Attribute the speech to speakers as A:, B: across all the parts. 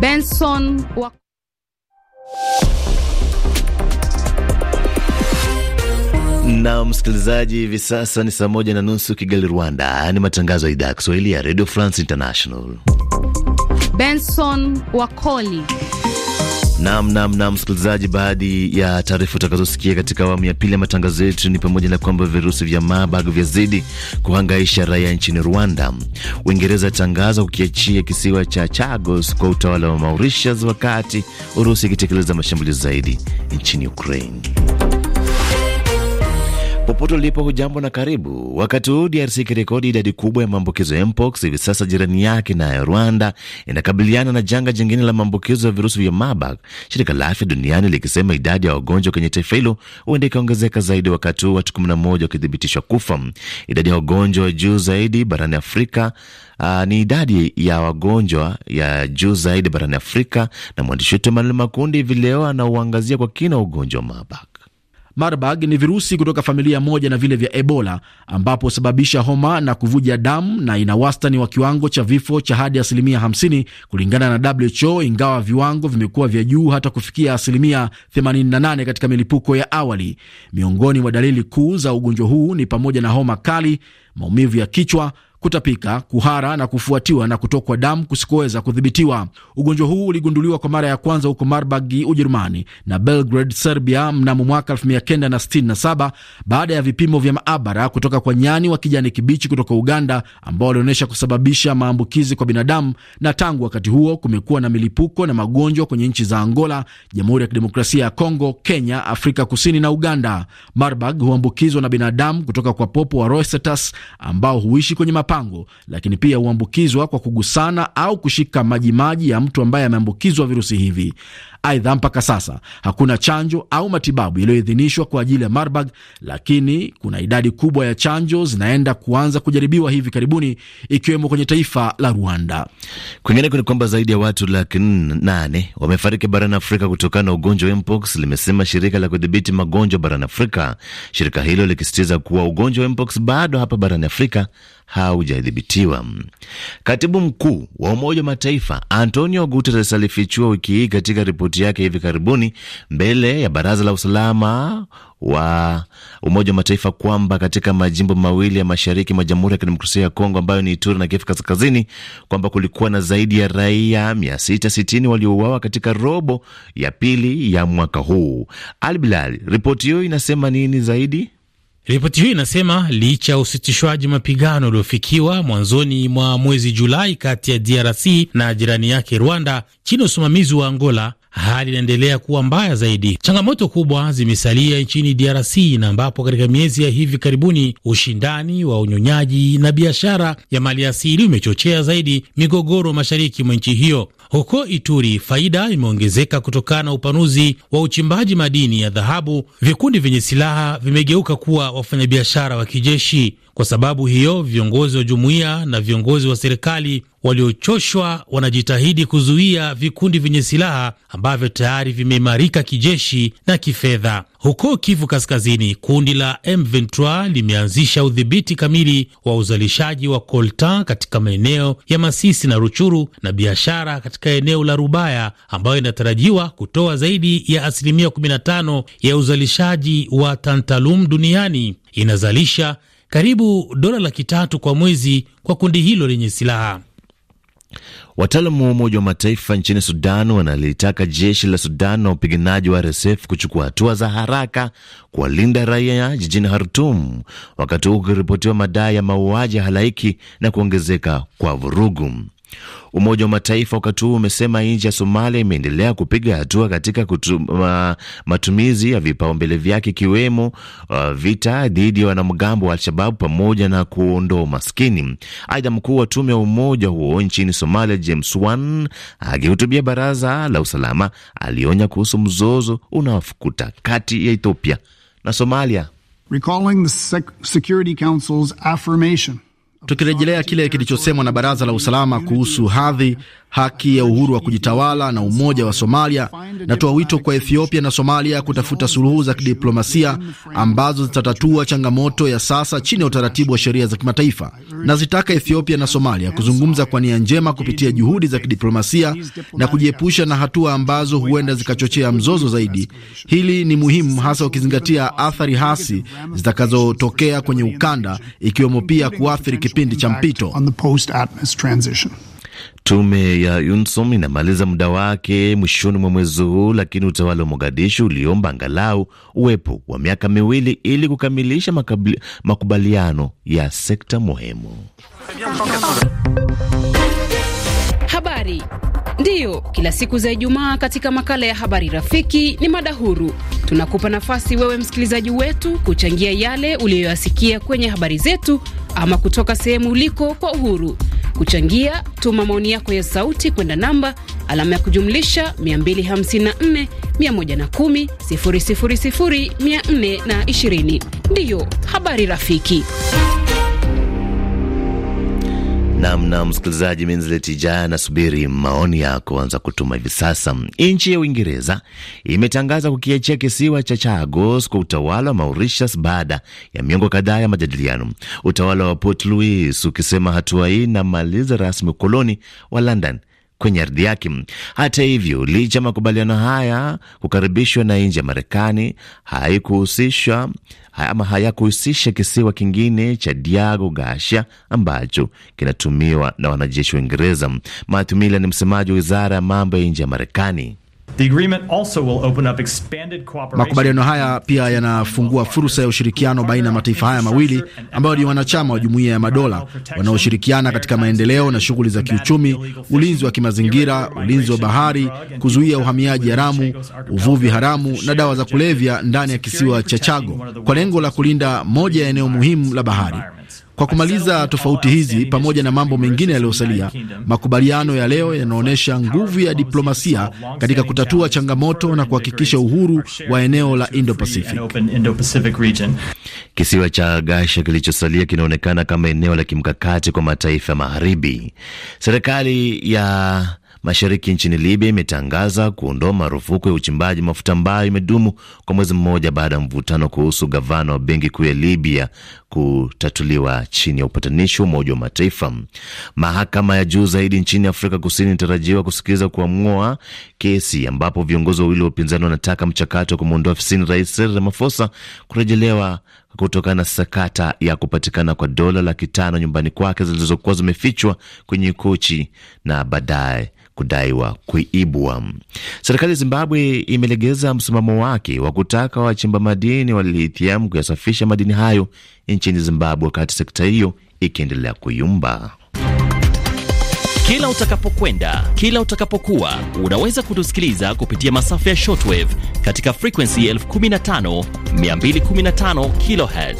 A: Benson wa
B: na msikilizaji, hivi sasa ni saa moja na nusu Kigali, Rwanda. Ni matangazo ya idhaa ya Kiswahili ya Radio France International.
A: Benson Wakoli
B: Nam, nam, nam, msikilizaji, baadhi ya taarifa utakazosikia katika awamu ya pili ya matangazo yetu ni pamoja na kwamba virusi vya Marburg vyazidi kuhangaisha raia nchini Rwanda, Uingereza yatangaza kukiachia kisiwa cha Chagos kwa utawala wa Mauritius, wakati Urusi ikitekeleza mashambulizi zaidi nchini Ukraine popote ulipo, hujambo na karibu. Wakati huu DRC ikirekodi idadi kubwa ya maambukizo ya mpox, hivi sasa jirani yake nayo Rwanda inakabiliana na janga jingine la maambukizo ya virusi vya Marburg, shirika la afya duniani likisema idadi ya wagonjwa kwenye taifa hilo huenda ikaongezeka zaidi, wakati huu watu 11 wakithibitishwa kufa. Idadi ya wagonjwa wa juu zaidi barani Afrika Uh, ni idadi ya wagonjwa ya juu zaidi barani Afrika, na mwandishi wetu Emanuel Makundi hivi leo anauangazia kwa kina ugonjwa wa Marburg.
A: Marburg ni virusi kutoka familia moja na vile vya Ebola, ambapo husababisha homa na kuvuja damu na ina wastani wa kiwango cha vifo cha hadi asilimia 50 kulingana na WHO, ingawa viwango vimekuwa vya juu hata kufikia asilimia 88 katika milipuko ya awali. Miongoni mwa dalili kuu za ugonjwa huu ni pamoja na homa kali, maumivu ya kichwa kutapika, kuhara na kufuatiwa na kutokwa damu kusikoweza kudhibitiwa. Ugonjwa huu uligunduliwa kwa mara ya kwanza huko Marburg, Ujerumani na Belgrade, Serbia mnamo mwaka 1967 baada ya vipimo vya maabara kutoka kwa nyani wa kijani kibichi kutoka Uganda ambao walionyesha kusababisha maambukizi kwa binadamu, na tangu wakati huo kumekuwa na milipuko na magonjwa kwenye nchi za Angola, Jamhuri ya Kidemokrasia ya Kongo, Kenya, Afrika Kusini na Uganda. Marburg huambukizwa na binadamu kutoka kwa popo wa Rosetas ambao huishi kwenye mapango, lakini pia huambukizwa kwa kugusana au kushika majimaji ya mtu ambaye ameambukizwa virusi hivi. Aidha, mpaka sasa hakuna chanjo au matibabu yaliyoidhinishwa kwa ajili ya Marburg, lakini kuna idadi kubwa ya chanjo zinaenda kuanza kujaribiwa hivi karibuni, ikiwemo kwenye taifa la Rwanda.
B: Kwingine ni kwamba zaidi ya watu laki nane wamefariki barani Afrika kutokana na ugonjwa wa mpox, limesema shirika la kudhibiti magonjwa barani Afrika, shirika hilo likisitiza kuwa ugonjwa wa mpox bado hapa barani Afrika haujadhibitiwa. Katibu mkuu wa Umoja wa Mataifa Antonio Guterres alifichua wiki hii katika ripoti ripoti yake hivi karibuni mbele ya Baraza la Usalama wa Umoja wa Mataifa kwamba katika majimbo mawili ya mashariki mwa Jamhuri ya Kidemokrasia ya Kongo ambayo ni Ituri na Kivu Kaskazini kwamba kulikuwa na zaidi ya raia 660 waliouawa katika robo ya pili ya mwaka huu. Albilal, ripoti hiyo inasema nini zaidi?
C: Ripoti hiyo inasema licha ya usitishwaji mapigano uliofikiwa mwanzoni mwa mwezi Julai kati ya DRC na jirani yake Rwanda chini ya usimamizi wa Angola, hali inaendelea kuwa mbaya zaidi. Changamoto kubwa zimesalia nchini DRC na ambapo katika miezi ya hivi karibuni ushindani wa unyonyaji na biashara ya maliasili umechochea zaidi migogoro mashariki mwa nchi hiyo. Huko Ituri, faida imeongezeka kutokana na upanuzi wa uchimbaji madini ya dhahabu. Vikundi vyenye silaha vimegeuka kuwa wafanyabiashara wa kijeshi. Kwa sababu hiyo, viongozi wa jumuiya na viongozi wa serikali waliochoshwa wanajitahidi kuzuia vikundi vyenye silaha ambavyo tayari vimeimarika kijeshi na kifedha. Huko Kivu Kaskazini, kundi la M23 limeanzisha udhibiti kamili wa uzalishaji wa coltan katika maeneo ya Masisi na Ruchuru na biashara katika eneo la Rubaya, ambayo inatarajiwa kutoa zaidi ya asilimia 15 ya uzalishaji wa tantalum duniani. Inazalisha karibu dola laki tatu kwa mwezi kwa kundi hilo lenye silaha.
B: Wataalamu wa Umoja wa Mataifa nchini Sudan wanalitaka jeshi la Sudan na wapiganaji wa RSF kuchukua hatua za haraka kuwalinda raia jijini hartum wakati huu ukiripotiwa madai ya mauaji ya halaiki na kuongezeka kwa vurugu. Umoja wa Mataifa wakati huu umesema nchi ya Somalia imeendelea kupiga hatua katika kutuma, matumizi ya vipaumbele vyake ikiwemo uh, vita dhidi ya wanamgambo wa Al-Shababu pamoja na kuondoa umaskini. Aidha, mkuu wa tume ya umoja huo nchini Somalia James Wan akihutubia baraza la usalama alionya kuhusu mzozo unaofukuta kati ya Ethiopia na Somalia. Recalling the Sec Security Council's affirmation Tukirejelea kile kilichosemwa na Baraza la Usalama kuhusu
A: hadhi, haki ya uhuru wa kujitawala na umoja wa Somalia. Natoa wito kwa Ethiopia na Somalia kutafuta suluhu za kidiplomasia ambazo zitatatua changamoto ya sasa chini ya utaratibu wa sheria za kimataifa. Nazitaka Ethiopia na Somalia kuzungumza kwa nia njema kupitia juhudi za kidiplomasia na kujiepusha na hatua ambazo huenda zikachochea mzozo zaidi. Hili ni muhimu hasa ukizingatia athari hasi zitakazotokea kwenye ukanda, ikiwemo pia kuathiri kipindi cha mpito.
B: Tume ya UNSOM inamaliza muda wake mwishoni mwa mwezi huu, lakini utawala wa Mogadishu uliomba angalau uwepo wa miaka miwili ili kukamilisha makabli, makubaliano ya sekta muhimu. Habari ndiyo kila siku za Ijumaa katika makala ya habari rafiki ni mada huru. Tunakupa nafasi wewe msikilizaji wetu kuchangia yale uliyoyasikia kwenye habari zetu ama kutoka sehemu uliko kwa uhuru. Kuchangia, tuma maoni yako ya sauti kwenda namba alama ya kujumlisha 254 110 000 420. Ndiyo habari rafiki. Namna msikilizaji Minzletija, nasubiri maoni yako, anza kutuma hivi sasa. Nchi ya Uingereza imetangaza kukiachia kisiwa cha Chagos kwa utawala wa Mauritius baada ya miongo kadhaa ya majadiliano, utawala wa Port Louis ukisema hatua hii inamaliza rasmi ukoloni wa London kwenye ardhi yake. Hata hivyo, licha ya makubaliano haya kukaribishwa na nje ya Marekani, haikuhusishwa ama hayakuhusisha kisiwa kingine cha Diago Gasha ambacho kinatumiwa na wanajeshi wa Uingereza. Matt Miller ni msemaji wa wizara ya mambo ya nje ya Marekani. Makubaliano haya pia yanafungua fursa ya ushirikiano baina ya mataifa haya mawili
A: ambayo ni wanachama wa Jumuiya ya Madola wanaoshirikiana katika maendeleo na shughuli za kiuchumi, ulinzi wa kimazingira, ulinzi wa bahari, kuzuia uhamiaji haramu, uvuvi haramu na dawa za kulevya ndani ya kisiwa cha Chago kwa lengo la kulinda moja ya eneo muhimu la bahari. Kwa kumaliza tofauti hizi pamoja na mambo mengine yaliyosalia, makubaliano ya leo yanaonyesha nguvu ya diplomasia katika kutatua changamoto na kuhakikisha uhuru wa eneo la Indo-Pacific.
B: Kisiwa cha Gasha kilichosalia kinaonekana kama eneo la kimkakati kwa mataifa ya magharibi. Serikali ya Mashariki nchini Libya imetangaza kuondoa marufuku ya uchimbaji mafuta ambayo imedumu kwa mwezi mmoja baada ya mvutano kuhusu gavana wa benki kuu ya Libya kutatuliwa chini ya upatanishi wa Umoja wa Mataifa. Mahakama ya juu zaidi nchini Afrika Kusini inatarajiwa kusikiliza kuamua kesi ambapo viongozi wawili wa upinzani wanataka mchakato wa kumwondoa ofisini Rais Cyril Ramaphosa kurejelewa kutokana na sakata ya kupatikana kwa dola laki tano nyumbani kwake zilizokuwa zimefichwa kwenye kochi na baadaye kudaiwa kuibwa. Serikali ya Zimbabwe imelegeza msimamo wake wa kutaka wachimba madini wa lithium kuyasafisha madini hayo nchini Zimbabwe, wakati sekta hiyo ikiendelea kuyumba. Kila utakapokwenda, kila utakapokuwa, unaweza kutusikiliza kupitia masafa ya shortwave katika frequency 15215 kHz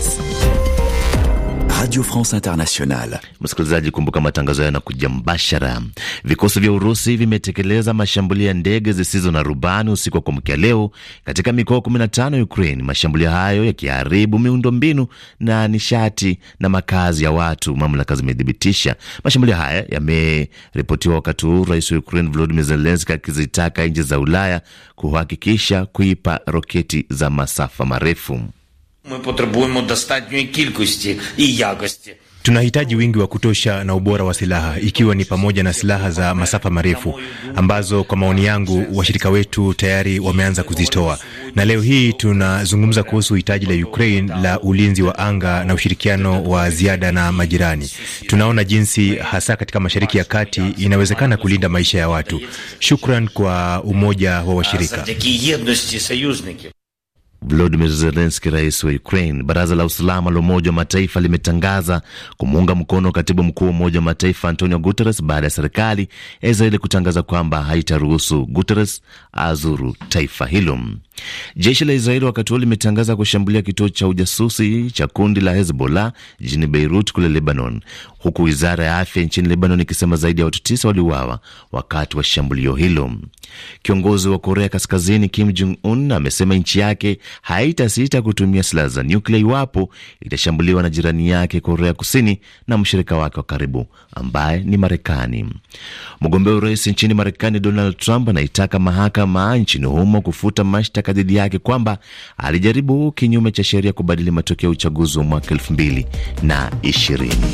B: Radio France Internationale. Msikilizaji, kumbuka matangazo kuja mbashara. Vikosi vya Urusi vimetekeleza mashambulio ya ndege zisizo na rubani usiku wa kuamkia leo katika mikoa 15 ya Ukraine, mashambulio hayo yakiharibu miundo mbinu na nishati na makazi ya watu, mamlaka zimethibitisha. Mashambulio haya yameripotiwa wakati huu rais wa Ukraine Volodymyr Zelensky akizitaka nchi za Ulaya kuhakikisha kuipa roketi za masafa marefu. Tunahitaji wingi wa kutosha na ubora wa silaha, ikiwa ni pamoja na silaha za masafa marefu ambazo kwa maoni yangu washirika wetu tayari wameanza kuzitoa. Na leo hii tunazungumza kuhusu hitaji la Ukraine la ulinzi wa anga na ushirikiano wa ziada na majirani. Tunaona jinsi hasa katika Mashariki ya Kati inawezekana kulinda maisha ya watu. Shukran kwa umoja wa washirika. Volodymyr Zelensky, rais wa Ukraine. Baraza la usalama la Umoja wa Mataifa limetangaza kumuunga mkono katibu mkuu wa Umoja wa Mataifa Antonio Guterres baada ya serikali ya Israeli kutangaza kwamba haitaruhusu Guterres azuru taifa hilo. Jeshi la Israeli wakati huo limetangaza kushambulia kituo cha ujasusi cha kundi la Hezbollah jijini Beirut kule Lebanon, huku wizara ya afya nchini Lebanon ikisema zaidi ya watu tisa waliuawa wakati wa shambulio hilo. Kiongozi wa Korea Kaskazini Kim Jong Un amesema nchi yake haitasita kutumia silaha za nyuklia iwapo itashambuliwa na jirani yake Korea Kusini na mshirika wake wa karibu ambaye ni Marekani. Mgombea urais nchini Marekani Donald Trump anaitaka mahakama mahakama nchini humo kufuta mashtaka dhidi yake kwamba alijaribu kinyume cha sheria kubadili matokeo ya uchaguzi wa mwaka elfu mbili
C: na ishirini.